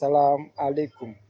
salaam aleykum